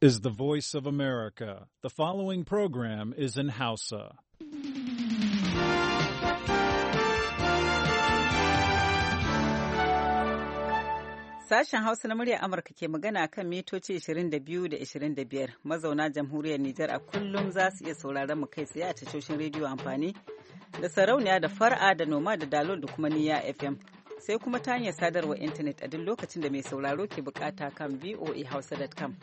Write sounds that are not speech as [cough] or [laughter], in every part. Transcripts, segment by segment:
is the voice of America. The following program is in Hausa. Sashen Hausa na murya Amurka ke magana kan mitoci 22 da 25 mazauna jamhuriyar Nijar a kullum za su iya sauraron mu kai tsaye a tashoshin rediyo amfani da sarauniya da far'a da noma da dalol da kuma niya FM. sai kuma ta hanyar sadarwar intanet a duk lokacin da mai sauraro ke bukata kan voahausa.com.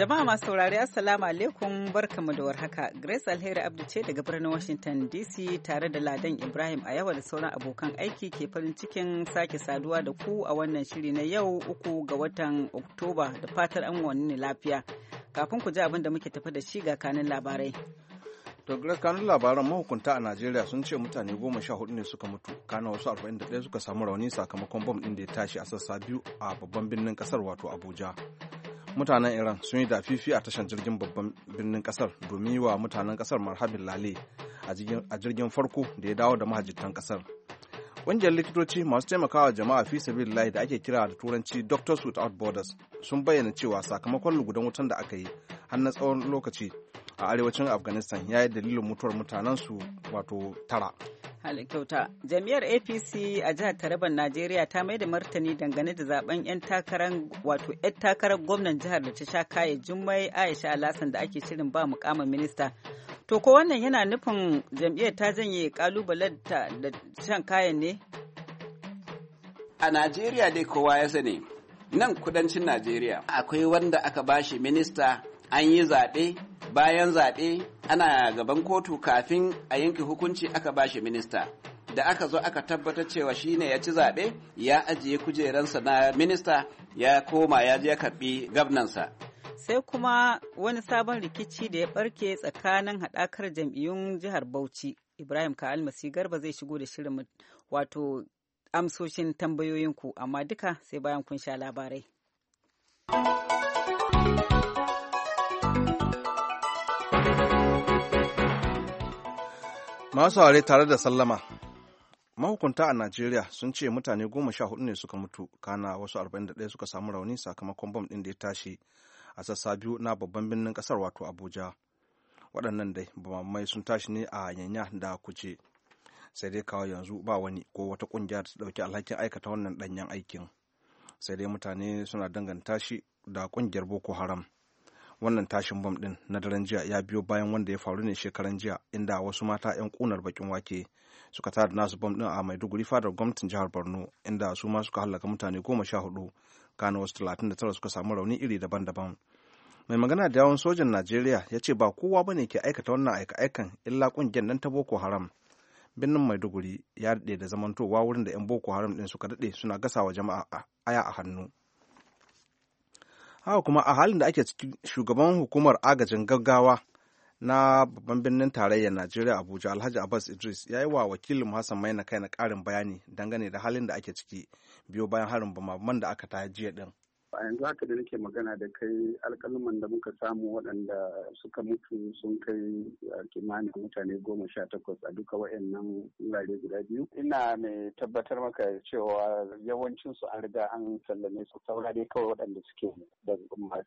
Jama'a masu saurari Assalamu alaikum barkamu da warhaka. Grace Alheri Abdu ce daga birnin Washington DC tare da Ladan Ibrahim a yawa da sauran abokan aiki ke farin cikin sake saduwa da ku a wannan shiri na yau uku ga watan Oktoba da fatar an wani lafiya. Kafin ku ji abin da muke tafi da shi ga kanin labarai. To Grace kanun labaran mahukunta a Najeriya sun ce mutane goma sha hudu ne suka mutu, kana wasu da daya suka samu rauni sakamakon bom ɗin da ya tashi a sassa biyu a babban birnin ƙasar wato Abuja. mutanen iran sun yi dafifi a tashar jirgin babban birnin kasar domin yi wa mutanen kasar marhabin lale a jirgin farko da ya dawo da mahajjitan kasar ƙungiyar likitoci masu taimakawa jama'a fi sabilillahi da ake kira da turanci doctors without borders sun bayyana cewa sakamakon lugudan wutan da aka yi har na tsawon lokaci a arewacin afghanistan ya yi dalilin mutuwar mutanensu wato tara kyauta jami'ar apc a jihar taraban najeriya ta mai da martani dangane da zaben 'yan takarar wato 'yan takarar gwamnan jihar da ta sha kaye jummai aisha alasan da ake shirin ba mukamin minista to ko wannan yana nufin jam'iyyar ta janye kalubalen ta da shan kayan ne a najeriya dai kowa ya sani nan kudancin najeriya akwai wanda aka bashi minista an yi zaɓe bayan zaɓe ana gaban kotu kafin a yanke hukunci aka ba shi minista da aka zo aka tabbatar cewa shi ne ya ci zaɓe ya ajiye kujeransa na minista ya koma ya je ya karɓi gabnansa sai kuma wani sabon rikici da ya barke tsakanin haɗakar jam'iyyun jihar bauchi ibrahim ka almasi garba zai shigo da shirin wato amsoshin tambayoyinku amma duka sai bayan kun sha labarai masu hare tare da sallama mahukunta a najeriya sun ce mutane goma sha hudu ne suka mutu kana wasu arba'in ɗaya suka samu rauni sakamakon bom ɗin da ya tashi a sassa biyu na babban birnin ƙasar wato abuja waɗannan dai mai sun tashi ne a yanya da kuce sai dai kawo yanzu ba wani ko wata ƙungiya da ta ɗauki alhakin aikata wannan ɗanyen aikin sai dai mutane suna danganta shi da ƙungiyar boko haram wannan tashin bom din na daren jiya ya biyo bayan wanda ya faru ne shekaran jiya inda wasu mata 'yan kunar bakin wake suka tada nasu bom din a maiduguri fadar gwamnatin jihar borno inda su ma suka halaka mutane goma sha hudu kano wasu talatin da tara suka samu rauni iri daban-daban mai magana da yawon sojan najeriya ya ce ba kowa bane ke aikata wannan aika-aikan illa kungiyar nan ta boko haram birnin maiduguri ya daɗe da zamantowa wurin da 'yan boko haram din suka daɗe suna gasawa jama'a aya a hannu haka kuma a halin da ake ciki shugaban hukumar agajin gaggawa na babban birnin tarayyar najeriya abuja alhaji abbas idris ya yi wa wakilin hassan maina kai na karin bayani dangane da halin da ake ciki biyo bayan harin bamaban da aka ta jiya din a yanzu haka da nake magana da kai alkaluman da muka samu waɗanda suka mutu sun kai kimanin mutane goma sha takwas a duka waannan wurare guda biyu ina mai tabbatar maka cewa yawancinsu su an riga an sallame su saura dai kawai waɗanda suke da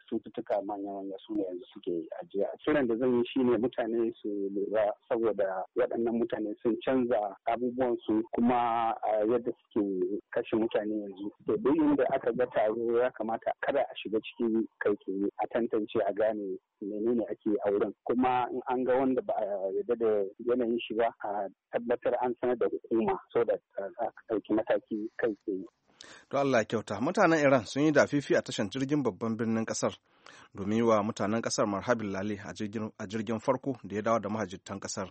cututtuka manyan wanda su ne yanzu suke ajiya kiran da zan yi shine mutane su lura saboda waɗannan mutane sun canza abubuwan su kuma yadda suke kashe mutane yanzu to duk inda aka ga taro ya kamata kamata kada a shiga ciki kai tsaye a tantance a gane menene ake a wurin kuma in an ga wanda ba a yarda da yanayin shi ba a tabbatar an sanar da hukuma so da a ɗauki mataki kai tsaye. To Allah kyauta mutanen Iran sun yi dafifi a tashar jirgin babban birnin kasar domin yi wa mutanen kasar marhabin lale a jirgin farko da ya dawo da mahajjitan kasar.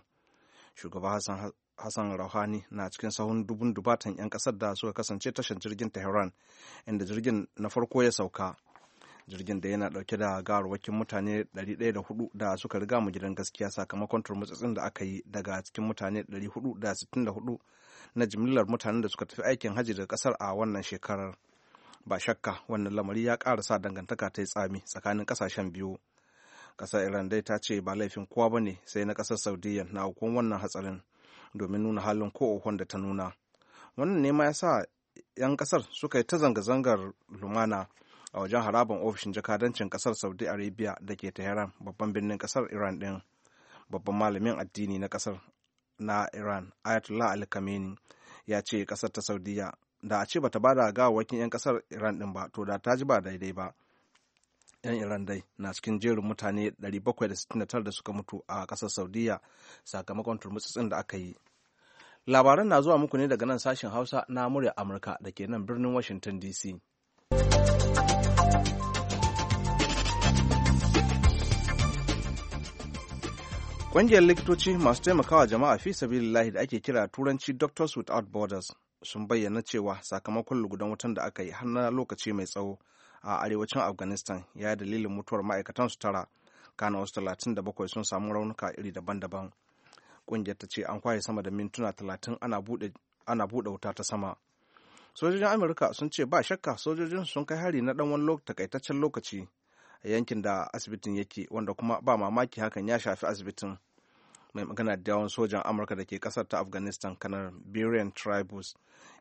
Shugaba Hassan hassan rouhani na cikin sahun dubun dubatan 'yan kasar da suka kasance tashar jirgin tehran inda jirgin na farko ya sauka jirgin da yana dauke da gawarwakin mutane 104 da suka riga mu gidan gaskiya sakamakon turmutsatsin da aka yi daga cikin mutane 464 na jimillar mutanen da suka tafi aikin hajji daga kasar a wannan shekarar ba shakka wannan lamari ya ƙara sa dangantaka ta yi tsami tsakanin ƙasashen biyu ƙasar iran dai ta ce ba laifin kowa ba ne sai na ƙasar Saudiyya na hukun wannan hatsarin domin nuna halin ko wanda ta nuna wannan ne ma ya sa 'yan kasar suka yi ta zanga-zangar lumana a wajen harabar ofishin jakadancin kasar saudi arabia da ke tehran babban birnin kasar iran din babban malamin addini na kasar na iran ayatollah ali kameni ya ce kasar ta saudiya da a ce bata ba da gawawakin 'yan kasar iran din ba to da ta ji ba daidai ba 'yan iran dai na cikin jerin mutane 769 da suka mutu a ƙasar saudiya sakamakon tsin da aka yi labaran na zuwa muku ne daga nan sashen hausa na murya amurka da ke nan birnin washington dc Ƙungiyar likitoci masu taimakawa jama'a fi sabilillahi da ake kira turanci Doctors Without Borders sun bayyana cewa sakamakon lugudan wutan da aka yi har na lokaci mai tsawo a arewacin afghanistan ya yi dalilin mutuwar ma'aikatan su tara kana wasu talatin da bakwai sun samu raunuka iri daban-daban ƙungiyar ta ce an kwaye sama da mintuna talatin ana buɗe wuta ta sama sojojin amurka sun ce ba shakka sojojin sun kai hari na ɗan wani takaitaccen lokaci a yankin da asibitin yake wanda kuma ba mamaki hakan ya shafi asibitin mai magana da yawan sojan amurka da ke kasar ta afghanistan kanar birian tribus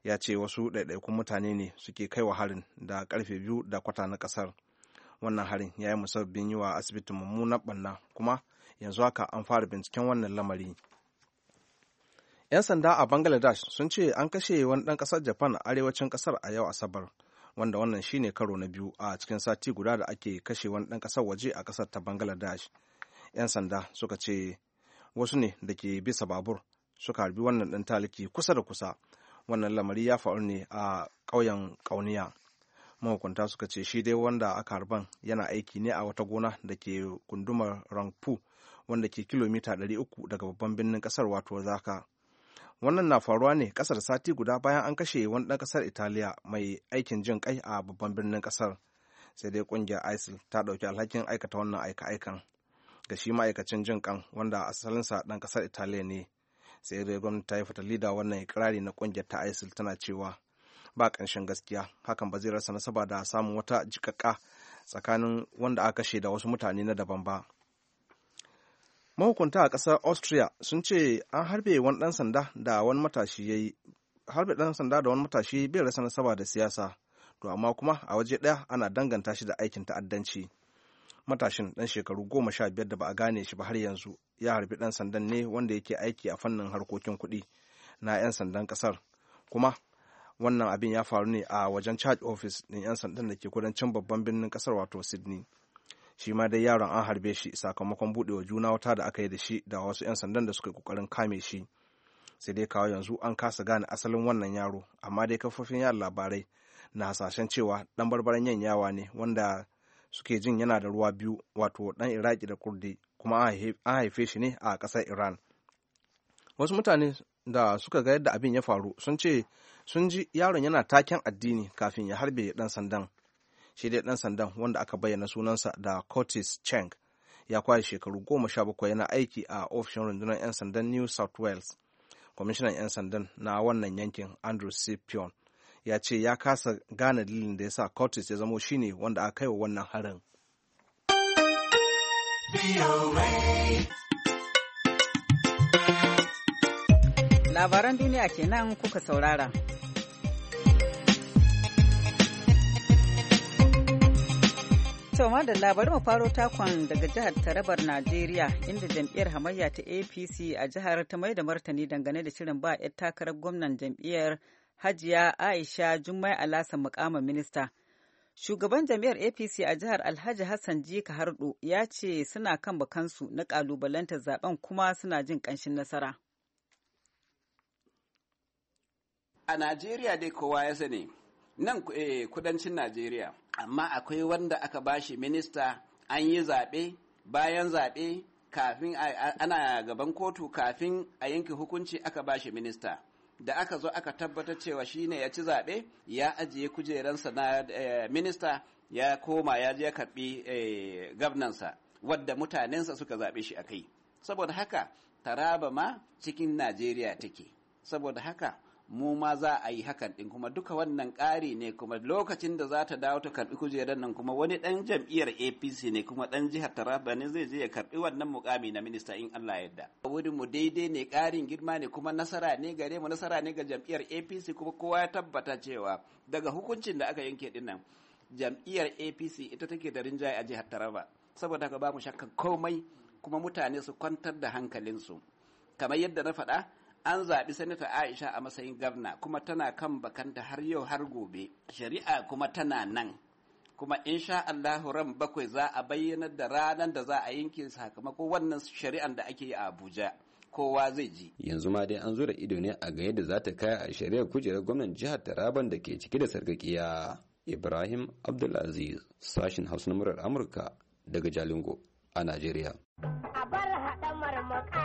ya ce wasu ɗaiɗaikun mutane ne suke kai wa harin da karfe biyu da kwata na kasar wannan harin ya yi musabbin yi wa asibitin mummunan ɓanna kuma yanzu haka an fara binciken wannan lamari 'yan sanda a bangladesh sun ce an kashe wani ɗan ƙasar japan arewacin ƙasar a yau asabar wanda wannan shine karo na biyu a cikin sati guda da ake kashe wani ɗan ƙasar waje a ƙasar ta bangladesh 'yan sanda suka ce wasu ne da ke bisa babur suka harbi wannan ɗan taliki kusa da kusa wannan lamari ya faru ne a ƙauyen ƙauniya mahukunta suka ce shi dai wanda aka harban yana aiki ne a wata gona da ke gundumar rangpu wanda ke kilomita 300 daga babban birnin kasar wato zaka wannan na faruwa ne kasar sati guda bayan an kashe wani ɗan kasar italiya mai aikin jin kai a babban birnin kasar sai dai kungiyar isil ta ɗauki alhakin aikata wannan aika-aikan da shi ma'aikacin jin kan wanda asalinsa dan kasar italiya ne sai dai gwamnati ta yi fatali da wannan ikirari na kungiyar ta isil tana cewa ba ƙanshin gaskiya hakan ba zai rasa nasaba da samun wata jikaka tsakanin wanda aka kashe da wasu mutane na daban ba mahukunta a ƙasar austria sun ce an harbe wani ɗan sanda da wani matashi ya yi harbe ɗan sanda da wani matashi bai rasa nasaba da siyasa to amma kuma a waje ɗaya ana danganta shi da aikin ta'addanci matashin dan shekaru goma sha biyar da ba a gane shi ba har yanzu ya harbi dan sandan ne wanda yake aiki a fannin harkokin kuɗi na 'yan sandan ƙasar kuma wannan abin ya faru ne a wajen charge office ɗin 'yan sandan da ke kudancin babban birnin ƙasar wato sydney shi ma dai yaron an harbe shi sakamakon buɗewa juna wata da aka yi da shi da wasu 'yan sandan da suka yi ƙoƙarin kame shi sai dai kawo yanzu an kasa gane asalin wannan yaro amma dai kafofin yada labarai na hasashen cewa ɗan barbaran 'yan yawa ne wanda suke jin yana da ruwa biyu wato ɗan iraki da kurdi kuma an haife shi ne a ƙasar iran wasu mutane da suka ga yadda abin ya faru sun ce sun ji yaron yana taken addini kafin ya harbe dan sandan shi dai ɗan sandan wanda aka bayyana sunansa da curtis cheng ya kwashe shekaru goma sha bakwai yana aiki a ofishin rundunar 'yan sandan new south wales kwamishinan 'yan sandan na wannan yankin andrew sipion ya ce ya kasa gane dalilin da ya sa Curtis ya zamo shine wanda aka kaiwa wannan harin. Labaran duniya kenan kuka saurara. Tauma da labarin faro takon daga jihar Tarabar Najeriya inda jam'iyyar hamayya ta APC a jihar ta mai da martani dangane da shirin ba 'yar takarar gwamnan jam'iyyar Hajiya Aisha Jummai Alasa mukama minista. Shugaban jami'ar APC a jihar Alhaji Hassan Jika Hardo ya ce suna kan bakansu na kalubalantar zaben kuma suna jin ƙanshin nasara. A Najeriya dai kowa ya sani, nan eh, kudancin Najeriya, amma akwai wanda aka bashi minista an yi zaɓe, bayan zaɓe, kafin ana gaban kotu kafin a yanke hukunci aka bashi minista. da aka zo aka tabbatar cewa shi ne ya ci zaɓe ya ajiye kujeransa na eh, minista ya koma ya je karɓi eh, gabnansa wadda mutanensa suka zaɓe shi a kai saboda haka taraba ma cikin najeriya take saboda haka mu ma za a yi hakan din kuma duka wannan ƙari ne kuma lokacin da za ta dawo ta karɓi kujerar nan kuma wani ɗan jam'iyyar APC ne kuma ɗan jihar Taraba ne zai je ya karɓi wannan mukami na minista in Allah yadda. a wurin mu daidai ne ƙarin girma ne kuma nasara ne gare mu nasara ne ga jam'iyyar APC kuma kowa ya tabbata cewa daga hukuncin da aka yanke din nan jam'iyyar APC ita take da rinjaye a jihar Taraba saboda haka ba mu shakkan komai kuma mutane su kwantar da hankalinsu kamar yadda na faɗa an zaɓi sanata aisha a matsayin gabna kuma tana kan bakanta har yau har gobe shari'a kuma tana nan kuma insha Allahu ran bakwai za a bayyanar da ranar da za a yanke sakamako wannan shari'ar da ake yi a Abuja kowa zai ji yanzu ma dai an zura ido ne a ga yadda za ta kaya a shari'ar kujerar gwamnan jihar Taraban da ke cike da sarkakiya Ibrahim Abdulaziz sashin Hausa na murar Amurka daga Jalingo a Najeriya a bar haɗa marmaka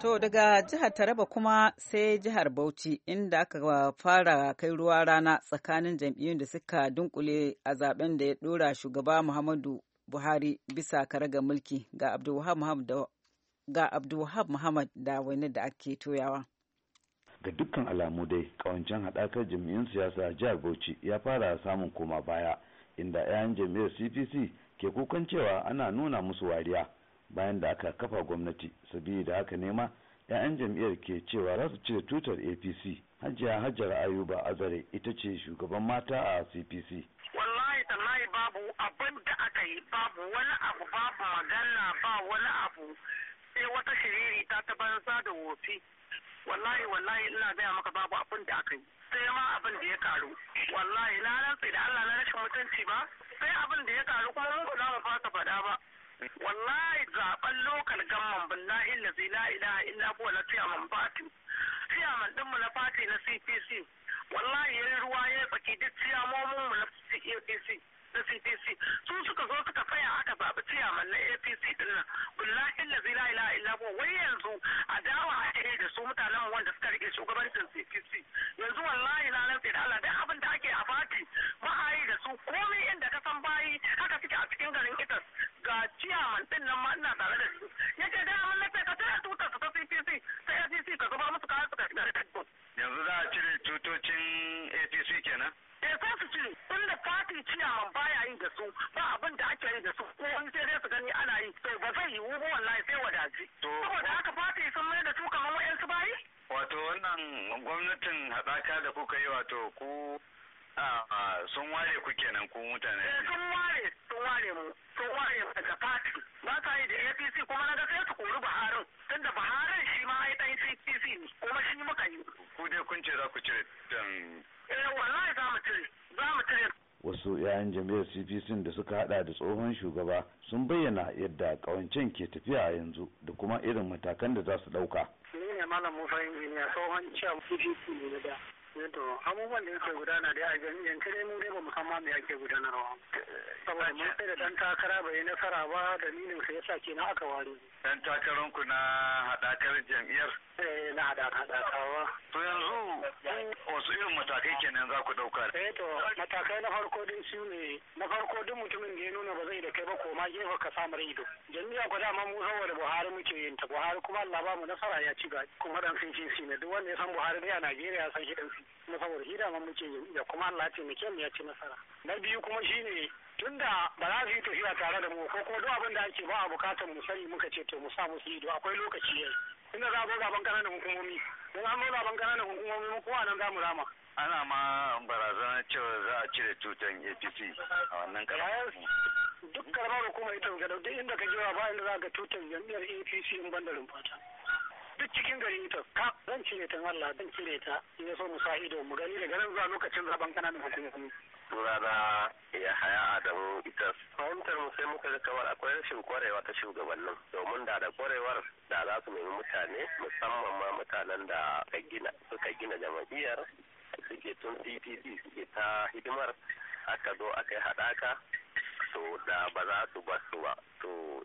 To daga jihar Taraba kuma sai jihar Bauchi inda aka fara kai ruwa rana tsakanin jam'iyyun da suka dunkule a zaben da ya dora shugaba Muhammadu Buhari bisa karagar mulki ga Abdulwahab Muhammad da wani da ake toyawa. Ga dukkan alamu dai kawancen haɗakar jam'iyyun siyasa jihar Bauchi ya fara samun koma baya inda 'yan jam'iyyar CPC ke kukan cewa ana nuna musu wariya. bayan da aka kafa gwamnati sabida haka nema 'ya'yan jam'iyyar ke cewa za su cire tutar apc hajiya hajjar ayuba azare ita ce shugaban mata a cpc wallahi tallahi babu abin da aka yi babu wani abu babu magana ba wani abu sai wata shiriri ta ta sa da wofi wallahi wallahi ina gaya maka babu abin da aka yi sai ma abin da ya karu wallahi na rantsi da Allah na rashin mutunci ba sai abin da ya karu kuma mun ba za mu fasa faɗa ba wallahi zaɓen lokal gamman billahi lazi la ilaha illa huwa la tiyaman fati tiyaman mu na fati na CPC wallahi yayi ruwa yi tsaki duk tiyamomin mu na CPC na CPC su suka zo suka faya aka zaɓi ciyaman na APC ɗin nan billahi na la ilaha illa ko wai yanzu a dawa a da su mutanen wanda suka rike shugabancin CPC yanzu wallahi na ina tare da shi cpc da suka hada da tsohon shugaba sun bayyana yadda kawancen ke tafiya a yanzu da kuma irin matakan da za su dauka. Ni ne Malam Musa Injiniya tsohon ciyar cpc ne da to abubuwan da yake gudana dai a jam'iyyance mu dai ba musamman me gudanarwa saboda mun sai da dan takara bai nasara ba dalilin sa yasa kenan aka ware dan takaran ku na hadakar jam'iyyar eh na hadakawa to yanzu wasu irin matakai kenan za ku dauka eh to matakai na farko din su ne na farko mutumin da ya nuna ba zai da kai ba ko ma gefe ka samu ido jam'iyya ko dama mu Buhari muke yin ta Buhari kuma Allah ba mu nasara ya ci ga kuma dan sun ci ne duk wanda ya san Buhari dai a Najeriya san shi dan sun mu saboda hira ma muke yi da kuma Allah ya taimake mu ya ci nasara na biyu kuma shine tunda ba za su yi tafiya tare da mu ko kuma duk abin da ake ba a bukatar mu sani muka ce to mu sa musu ido akwai lokaci yayi tunda za a zo zaben kananan hukumomi mun an zo zaben kananan hukumomi mu kowa nan za mu rama ana ma barazanar cewa za a cire tutan apc a wannan karamar duk karamar hukumar ita ga duk inda ka jira ba inda za ka tutan jam'iyyar apc in banda rumfata duk cikin gari ta ka zan cire ta Allah zan cire ta in ya so mu sa ido mu gani daga nan zuwa lokacin zaben kananan hukumomi sunana ya haya adamu ita fahimtar mu sai muka ga kamar akwai rashin kwarewa ta shugabannin domin da da kwarewar da za su nemi mutane musamman ma mutanen da suka gina jama'iyyar suke tun cpc suke ta hidimar aka zo aka yi haɗaka to da ba za su ba su ba to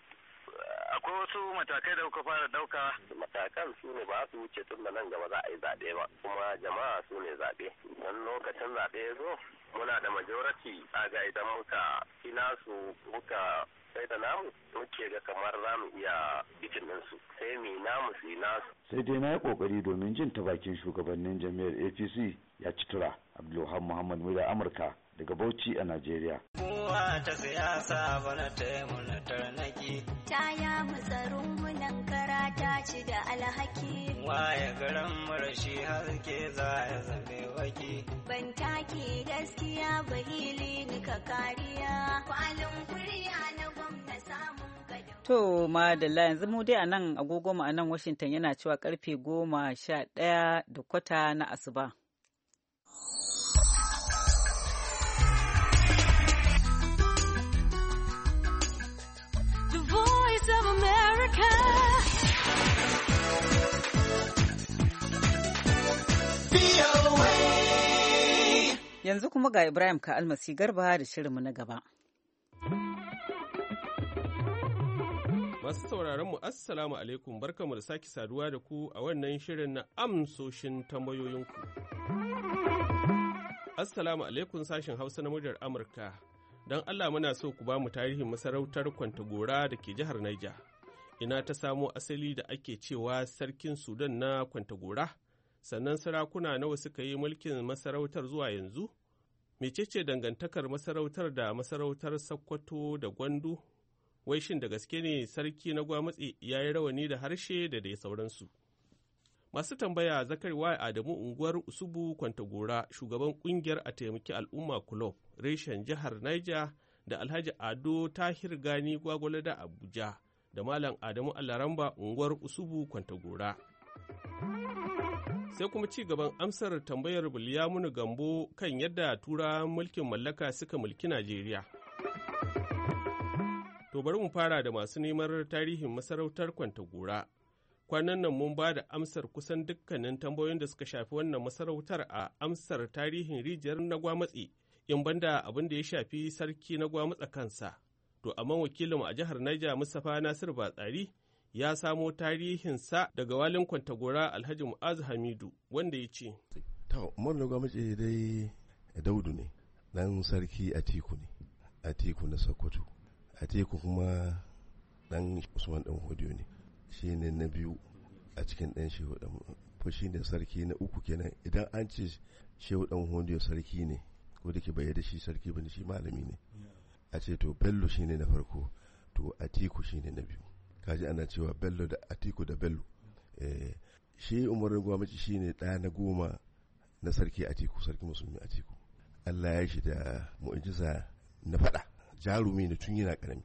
akwai wasu matakai da kuka fara dauka matakan su ne ba su wuce tun da nan gaba za a yi zaɓe ba kuma jama'a su ne zaɓe don lokacin zaɓe ya zo muna da majority ga idan muka ina su muka sai da namu muke ga kamar za mu iya bikin ɗinsu sai mi namu su yi nasu. sai dai na yi kokari domin jin ta bakin shugabannin jami'ar apc ya ci tura abdulhamid muhammad murya amurka daga bauchi a najeriya. kowa ta siyasa bana taimun Baya garin marashi ke za ya zame waki. Ban taki gaskiya ba hili ni ka kariya. Kwalin kuriya na gwamna samun To madalla yanzu mu dai a nan agogo ma a Washington yana cewa karfe goma sha ɗaya da kwata na asuba. The Voice of America. Yanzu kuma ga Ibrahim ka almasi garba da shirinmu na gaba. Masu sauraron mu Assalamu alaikum barkamu da sake saduwa da ku a wannan shirin na amsoshin tambayoyinku. Assalamu alaikum sashen Hausa na muryar Amurka. Don Allah muna so ku ba mu tarihin masarautar Kwantagora da ke jihar Naija. Ina ta samo asali da ake cewa sarkin Sudan na Kwantagora sannan sarakuna nawa suka yi mulkin masarautar zuwa yanzu? Mecece dangantakar masarautar da masarautar Sokoto da Gwandu? Wai shin da gaske ne sarki na gwamutse ya yi rawani da harshe da dai sauransu. Masu tambaya Zakari wa Adamu unguwar Usubu Kwantagora shugaban kungiyar a taimaki al'umma kulob reshen jihar Niger da Alhaji Ado Tahir Gani Gwagwale da Abuja da Malam Adamu Alaramba unguwar Usubu Kwantagora. Sai kuma ci gaban amsar tambayar Bulyamunu Gambo kan yadda tura mulkin mallaka suka mulki Najeriya. To bari mu fara da masu neman tarihin masarautar Kwantagora. Kwanan nan mun ba da amsar kusan dukkanin tambayoyin da suka shafi wannan masarautar a amsar tarihin rijiyar nagwamatsi, gwamatsi, in banda abin da ya shafi sarki na gwamatsa kansa. To amma wakilinmu a jihar Niger Mustapha Nasir Batsari ya samo tarihinsa daga walin kwantagora alhaji mu'az hamidu wanda ya ce murna gwamnati dai daudu ne dan sarki atiku ne atiku na sokoto atiku kuma dan usman dan hudu ne shi ne na biyu a cikin dan shehu dan ko shi ne sarki na uku kenan idan an ce shehu dan hudu sarki ne ko da ke bayyana shi sarki bane shi malami ne a ce to bello shi ne na farko to a atiku shi ne na biyu kaji ana cewa bello da atiku da bello eh, shi umarin gwamnati shine ɗaya na goma na sarki atiku sarki musulmi atiku allah ya shi da mu'ujiza na faɗa jarumi ne tun yana ƙarami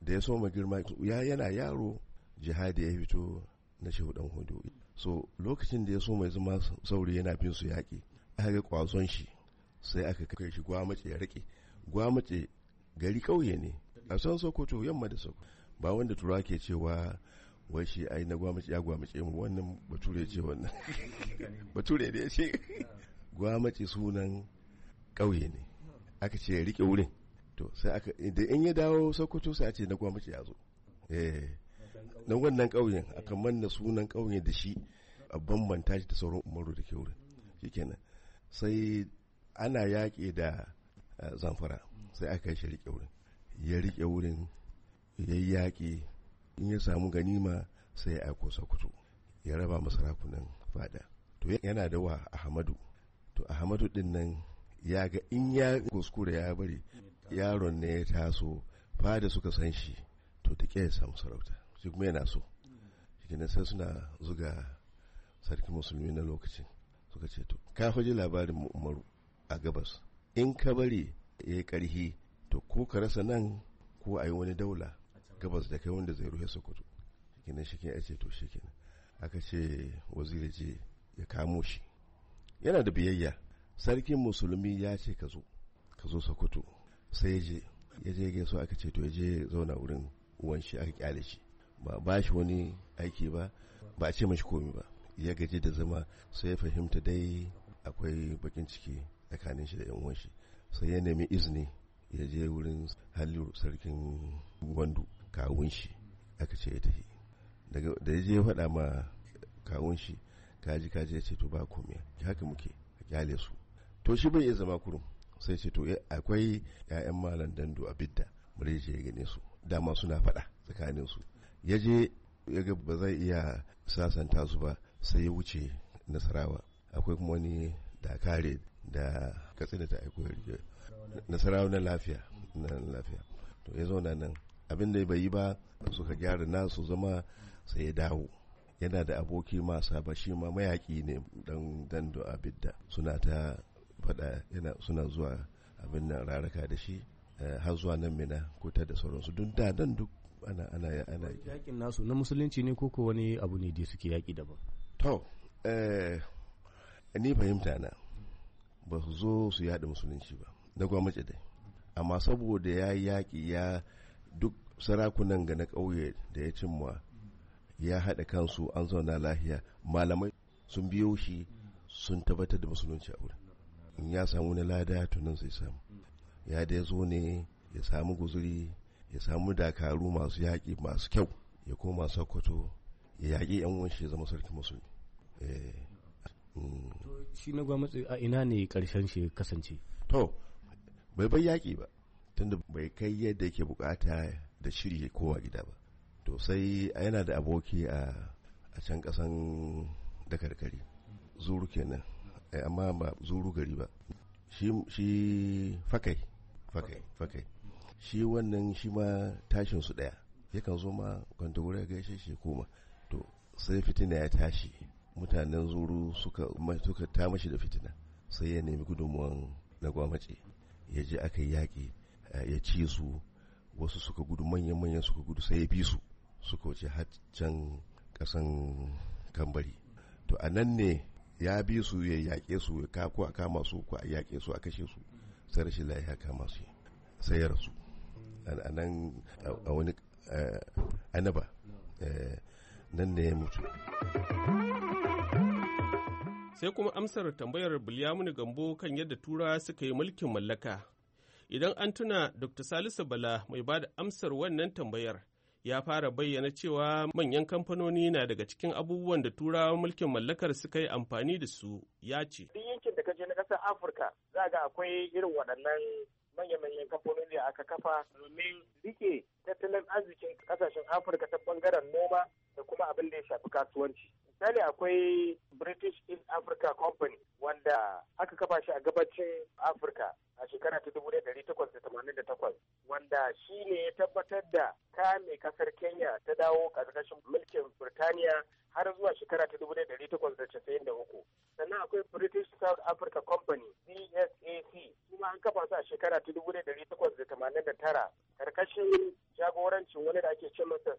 da ya so ma girma ya yana yaro jihadi ya fito na shehu dan hudu so lokacin da ya so mai zama sauri yana bin su yaƙi aka ga kwazon shi sai aka kai shi gwamnati ya rike gwamnati gari ƙauye ne a san sokoto yamma da sokoto ba wanda turawa ke cewa wai shi ai na gwamnati ya gwamnati mu wannan bature ce wannan [laughs] bature ya ce [laughs] gwamnati sunan ƙauye ne aka ce ya rike wurin to sai aka da in ya dawo sokoto sai a ce na gwamnati ya zo eh na wannan ƙauyen aka manna sunan ƙauye da shi a bambanta shi da sauran umaru da ke wurin shikenan sai ana yaƙi da eh, zamfara sai aka yi shi rike wurin ya rike wurin ya yi yaƙi in ya samu ganima sai ya aiko sokoto ya raba masarakunan fada to yana da wa ahmadu to ahmadu din nan ya ga in ya kuskure ya bari yaron ne ya taso fada suka san shi to ta ya samu sarauta shi kuma yana so shi sai suna zuga sarki musulmi na lokacin suka ce to ka faji labarin umaru a gabas in ka bari ya yi karhi to ko ka rasa nan ko a yi wani daula gabas da kai wanda zai ruhe sokoto kenan shi kenan ce to shi kenan aka ce waziri je ya kamo shi yana da biyayya sarkin musulmi ya ce ka zo ka zo sokoto sai je ya je aka ce to ya je zauna wurin uwan shi aka kyale shi ba ba shi wani aiki ba ba a ce mashi komi ba ya gaji da zama sai ya fahimta dai akwai bakin ciki tsakanin shi da yan uwan shi sai ya nemi izini ya je wurin halliru sarkin wandu. kawun shi aka ce ya tafi da ya je ya faɗa ma kawun shi kaji kaji ya ce to ba komai haka muke a kyale su to shi bai iya zama kurum sai ce to eh, akwai 'ya'yan malam dando a bidda ya je ya gane su dama suna faɗa tsakanin su ya je ya ga ba zai iya sasanta su ba sai ya wuce nasarawa akwai kuma wani dakare da katsina ta aiko nasarawa na lafiya na lafiya to ya zauna nan abin da bai yi ba suka gyara nasu zama sai ya dawo yana da aboki masa ba shi ma mayaƙi ne dan dando abidda suna ta faɗa suna zuwa abin nan raraka da shi eh, har zuwa nan mina ko ta da sauransu duk da nan duk ana ana ya ana yakin nasu na musulunci ne koko wani abu ne da suke yaki daban to eh, ni fahimta na ba su zo su yaɗa musulunci ba na gwamnati dai amma saboda ya yaƙi ya duk sarakunan ga na ƙauye da ya cimma ya haɗa kansu an zauna lahiya malamai sun biyo shi sun tabbatar da musulunci a wurin in ya samu na lada tunan sai samu ya dai zo ne ya samu guzuri ya samu dakaru masu yaƙi masu kyau ya koma sokoto ya yaƙi yan wanshi ya zama sarki musulmi eh, mm. shi na gwamnati a ina ne ƙarshen shi kasance to bai bai yaƙi ba tunda bai kai yadda yake bukata da shiri kowa gida ba to sai yana da aboki a can kasan da karkari zuru kenan eh, amma ba zuru gari ba shi fakai fakai fakai shi wannan shi ma tashin su daya yakan zo ma kwanta wurin gaishe shi koma to sai fitina ya tashi mutanen zuru suka ta mashi da fitina sai ya nemi gudunmuwan na gwamnati ya je aka yi yaƙi Eh, ya ci su wasu suka gudu manyan-manyan suka gudu sai ya bi su suka wuce can kasan kambari to a nan ne ya bi su ya yaƙe su ya ko a kama su ko a yaƙe su a kashe su sai rashin lafiya kama su sai ya rasu a nan a wani eh, anaba eh, nan ne ya mutu sai kuma amsar tambayar bilyamuni gambo kan yadda turawa suka yi mulkin mallaka Idan an tuna Dr. Salisu Bala mai ba da amsar wannan tambayar ya fara bayyana cewa manyan kamfanoni na daga cikin abubuwan da turawa mulkin mallakar suka yi amfani da su ya ce. Duk yankin da ka je na ƙasar Afirka za ga akwai irin waɗannan manya-manyan kamfanoni da aka kafa domin rike tattalin arzikin ƙasashen Afirka ta ɓangaren noma da kuma abin da ya shafi kasuwanci. misali akwai british east africa company wanda aka kafa shi a gabacin afirka a shekara ta dubu ɗaya takwas da tamanin da takwas wanda shi ne ya tabbatar da kame kasar kenya ta dawo ƙarƙashin mulkin birtaniya har zuwa shekara ta dubu ɗaya takwas da casa'in da uku sannan akwai british south africa company bsac kuma an kafa su a shekara ta dubu ɗaya takwas da tamanin da tara ƙarƙashin jagorancin wani da ake ce masa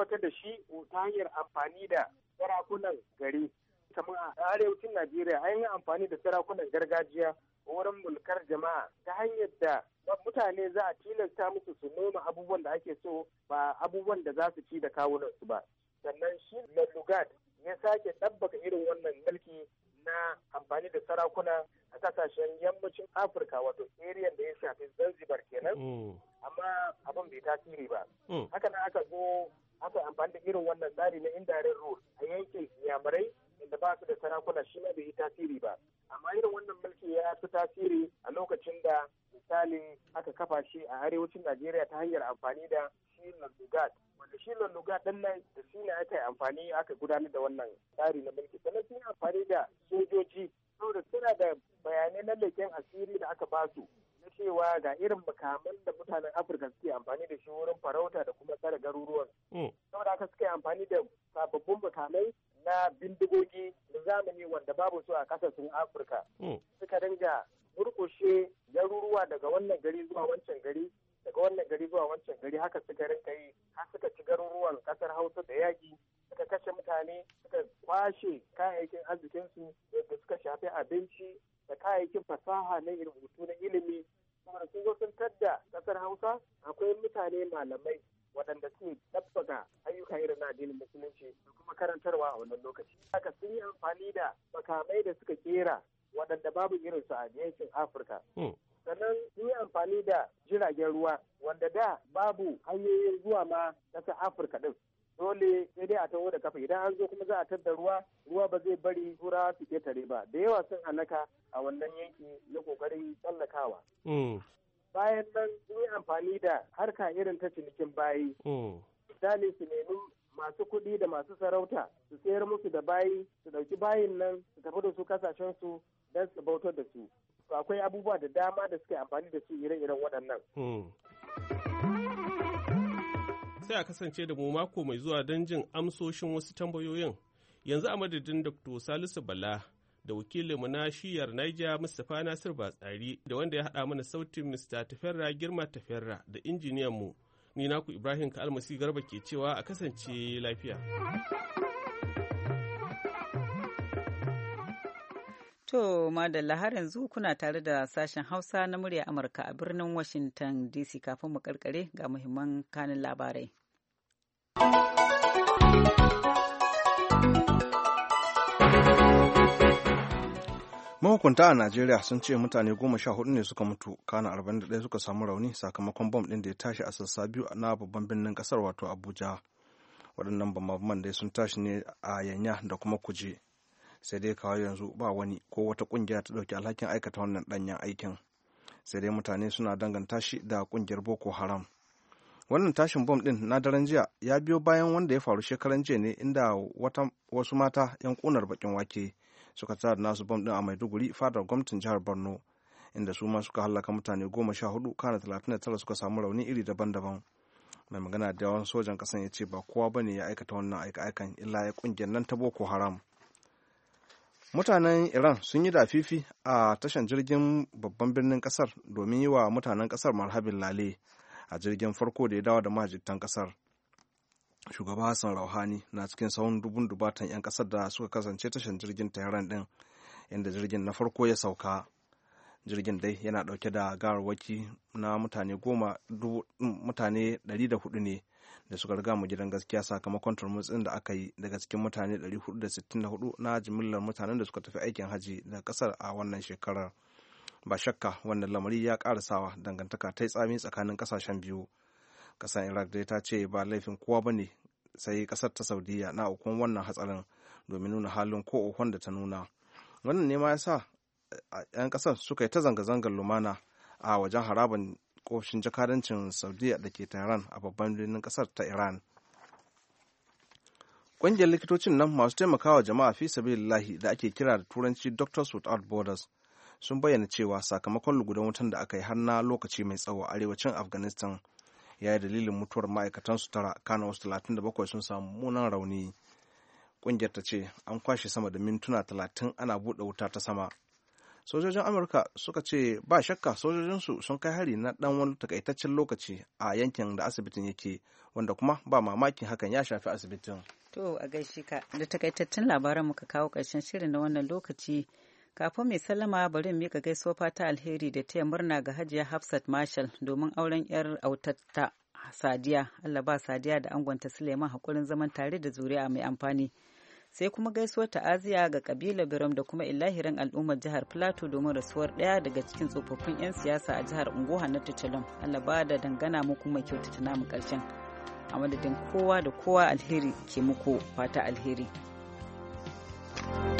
tabbatar da shi ta hanyar amfani da sarakunan gari kamar a arewacin najeriya an yi amfani da sarakunan gargajiya wurin mulkar jama'a ta hanyar da mutane za a tilasta musu su noma abubuwan da ake so ba abubuwan da za su ci da kawunansu ba sannan shi lalugat ya sake ɗabbaka irin wannan mulki na amfani da sarakuna a kasashen yammacin afirka wato area da ya shafi zanzibar kenan mm. amma abin bai tasiri ba mm. haka nan aka zo aka amfani da irin wannan tsari na indirect rule a yankin yamurai inda ba su da sarakuna shi ma bai yi tasiri ba amma irin wannan mulki ya fi tasiri a lokacin da misali aka kafa shi a arewacin najeriya ta hanyar amfani da shi lallugat wanda shi lallugat din nan da shi ne aka yi amfani aka gudanar da wannan tsari na mulki sannan sun amfani da sojoji saboda suna da bayanai na leken asiri da aka ba su. na cewa ga irin makaman da mutanen afirka suke amfani da shi wurin farauta da kuma tsare garuruwan hmm. saboda haka suke amfani da sababbin makamai na bindigogi da zamani wanda babu su a kasashen afirka hmm. suka dinga murkushe garuruwa daga wannan gari zuwa wancan gari daga wannan gari zuwa wancan gari haka suka rinka yi har suka ci garuruwan kasar hausa da yaƙi suka kashe mutane suka kwashe kayayyakin arzikinsu da suka shafi abinci da kayayyakin fasaha na rubutu na ilimi kuma sun zo sun tadda ƙasar hausa akwai mutane malamai waɗanda suke ɗabbaga ayyuka irin na addinin musulunci da kuma karantarwa a wannan lokaci haka sun yi amfani da makamai da suka kera waɗanda babu irin su a yankin afirka hmm. sannan sun yi amfani da jiragen ruwa wanda da babu hanyoyin zuwa ma ƙasar afirka ɗin dole sai dai a taho da kafa idan an zo kuma za a tadda ruwa ruwa ba zai bari tura su ketare ba da yawa sun halaka a wannan yanki na kokarin tsallakawa mm. bayan nan sun yi amfani da harka irin ta cinikin bayi mm. misali su nemi masu kuɗi da masu sarauta su sayar musu da bayi su ɗauki bayin nan su tafi da su kasashen su don su bautar da su akwai abubuwa da dama da suke amfani da su ire-iren waɗannan. Mm. sai a kasance da mu mako mai zuwa don jin amsoshin wasu tambayoyin. Yanzu a madadin Dr. Salisu Bala da mu na shiyar Naija Mustapha Nasir Batsari da wanda ya haɗa mana sautin Mr. Tafera Girma Tafera da injiniyan mu. Ni naku Ibrahim Kalmasi Garba ke cewa a kasance lafiya. To, Madalla har yanzu kuna tare da sashen Hausa na murya Amurka a birnin Washington DC kafin mu karkare ga muhimman kanin labarai. mahukunta a najeriya sun ce mutane goma sha hudu ne suka mutu kana ɗaya suka samu rauni sakamakon bom ɗin da ya tashi a sassa biyu na babban birnin ƙasar wato abuja waɗannan bamaban dai sun tashi ne a yanya da kuma kuje sai dai kawai yanzu ba wani ko wata ƙungiya ta ɗauki alhakin aikata wannan ɗanyen aikin sai dai mutane suna danganta shi da ƙungiyar boko haram wannan tashin bom din na daren jiya ya biyo bayan wanda ya faru shekaran jiya ne inda wasu mata yan kunar bakin wake suka tara da nasu bom din a maiduguri fadar gwamnatin jihar borno inda su ma suka hallaka mutane goma sha hudu kana talatin da tara suka samu rauni iri daban-daban mai magana da yawan sojan kasan ya ce ba kowa ba ne ya aikata wannan aika-aikan illa ya kungiyar nan ta boko haram mutanen iran sun yi dafifi a tashan jirgin babban birnin kasar domin yi wa mutanen kasar marhabin lale a jirgin farko da ya dawo da majitan kasar shugaba hassan rauhani na cikin sahun dubun dubatan 'yan kasar da suka kasance tashin jirgin tehran din inda jirgin na farko ya sauka jirgin dai yana dauke da gawarwaki na mutane goma mm, mutane 104 ne da suka riga mu gidan gaskiya sakamakon turmutsin da aka yi daga cikin mutane 464 na jimillar mutanen da suka tafi aikin haji daga kasar a wannan shekarar ba shakka wannan lamari ya karasawa dangantaka ta yi tsami tsakanin kasashen biyu ƙasar iraq dai ta ce ba laifin kowa ba ne sai kasar ta saudiya na ukun wannan hatsarin domin nuna halin ko ohon da ta nuna wannan ne ma ya sa 'yan ƙasar suka yi ta zanga-zangar lumana a wajen harabar koshin jakadancin saudiya da ke tehran a babban birnin kasar ta iran ƙungiyar likitocin nan masu taimakawa jama'a fi sabilillahi da ake kira da turanci doctors without borders sun bayyana cewa sakamakon lugudan wutan da aka yi har na lokaci mai tsawo arewacin afghanistan ya yi dalilin mutuwar ma'aikatan su tara kana wasu 37 sun samu munan rauni kungiyar ta ce an kwashe sama da mintuna talatin ana buɗe wuta ta sama sojojin amurka suka ce ba shakka sojojinsu sun kai hari na dan wani takaitaccen lokaci a yankin da asibitin yake wanda kuma ba mamakin hakan ya shafi asibitin to a gaishe ka da takaitaccen labaran muka kawo ƙarshen shirin na wannan lokaci kafin mai sallama bari mika gaisuwa fata alheri da taya murna ga hajiya hafsat marshal domin auren yar autatta sadiya allah ba sadiya da angonta suleiman hakurin zaman tare da zuri'a mai amfani sai kuma gaisuwar ta'aziya ga kabila biram da kuma ilahirin al'ummar jihar plateau domin rasuwar daya daga cikin tsofaffin 'yan siyasa a jihar unguwa na tuchelon allah ba da dangana mu kuma kyautata namu karshen a madadin kowa da kowa alheri ke muku fata alheri thank you